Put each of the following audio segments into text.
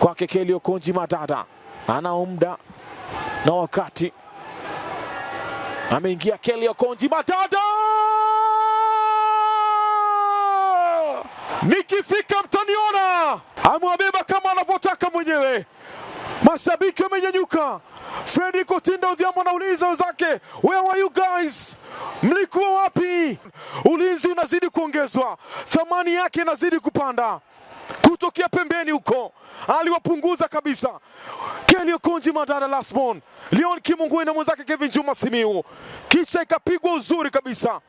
kwake Kelio Konji Matata, ana muda na wakati, ameingia Kelio Konji Matata. Nikifika mtaniona, amewabeba kama anavyotaka mwenyewe. Mashabiki wamenyanyuka. fredi kotinda Odhiambo anauliza wenzake, where are you guys? Mlikuwa wapi? Ulinzi unazidi kuongezwa, thamani yake inazidi kupanda kutokea pembeni huko aliwapunguza kabisa Kelly Okonji Madara Lasmon, Leon Kimungui na mwenzake Kevin Juma Simiu, kisha ikapigwa uzuri kabisa.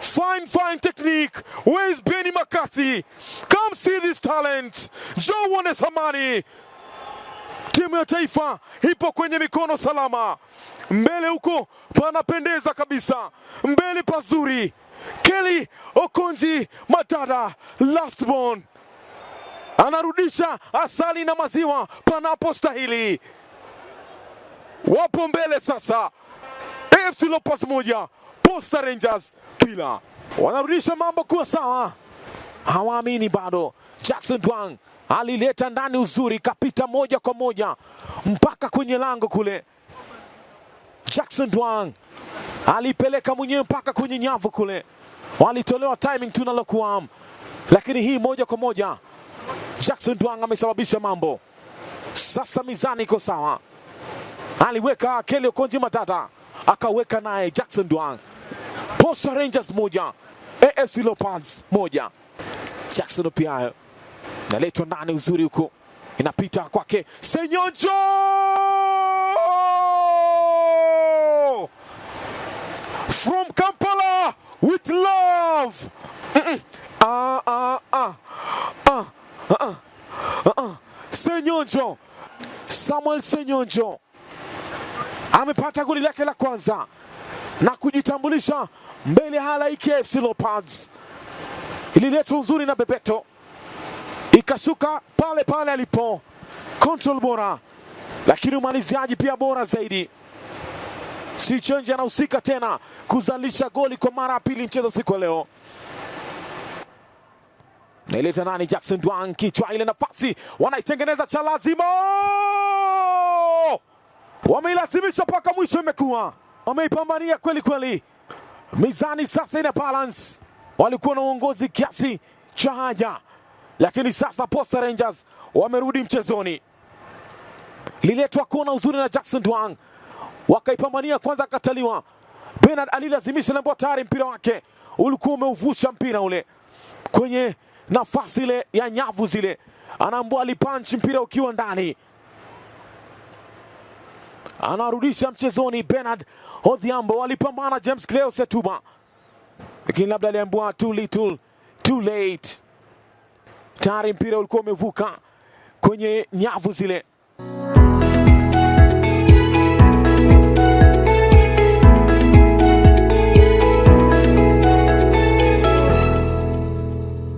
Fine, fine technique. Where is Benny McCarthy? Come see this talent. Joe uone thamani. Timu ya taifa ipo kwenye mikono salama. Mbele huko panapendeza kabisa, mbele pazuri. Kelly Okonji Madara Lastborn anarudisha asali na maziwa panapostahili. Wapo mbele sasa, AFC Leopards moja, Posta Rangers pila Wanarudisha mambo kuwa sawa, hawaamini bado. Jackson Dwang alileta ndani uzuri, kapita moja kwa moja mpaka kwenye lango kule. Jackson Dwang alipeleka mwenyewe mpaka kwenye nyavu kule, walitolewa timing tu lakini hii moja kwa moja Jackson Twang amesababisha mambo. Sasa mizani iko sawa, aliweka Kelly Okonji Matata, akaweka naye Jackson dwang Posta Rangers moja, AFC Leopards moja. Jackson Opiayo naletwa ndani, uzuri huko inapita kwake Senyonjo Senyonjo. Samuel Senyonjo amepata goli lake la kwanza na kujitambulisha mbele ya halaiki ya FC Leopards. Ililetwa uzuri na Bebeto, ikashuka pale pale alipo. Control bora, lakini umaliziaji pia bora zaidi. Sichenje anahusika tena kuzalisha goli kwa mara ya pili mchezo siku ya leo naileta nani? Jackson Dwang kichwa, ile nafasi wanaitengeneza cha lazima, wameilazimisha mpaka mwisho, imekuwa wameipambania kweli kweli. Mizani sasa ina balance, walikuwa na uongozi kiasi cha haja, lakini sasa Posta Rangers wamerudi mchezoni. Liletwa kona uzuri na Jackson Dwang, wakaipambania kwanza, akataliwa. Bernard alilazimisha, lembo tayari mpira wake ulikuwa umeuvusha mpira ule kwenye nafasi ile ya nyavu zile, anaambua alipanchi mpira ukiwa ndani, anarudisha mchezoni. Bernard Odhiambo alipambana James Cleo Setuba, lakini labda aliambua too little too late, tayari mpira ulikuwa umevuka kwenye nyavu zile.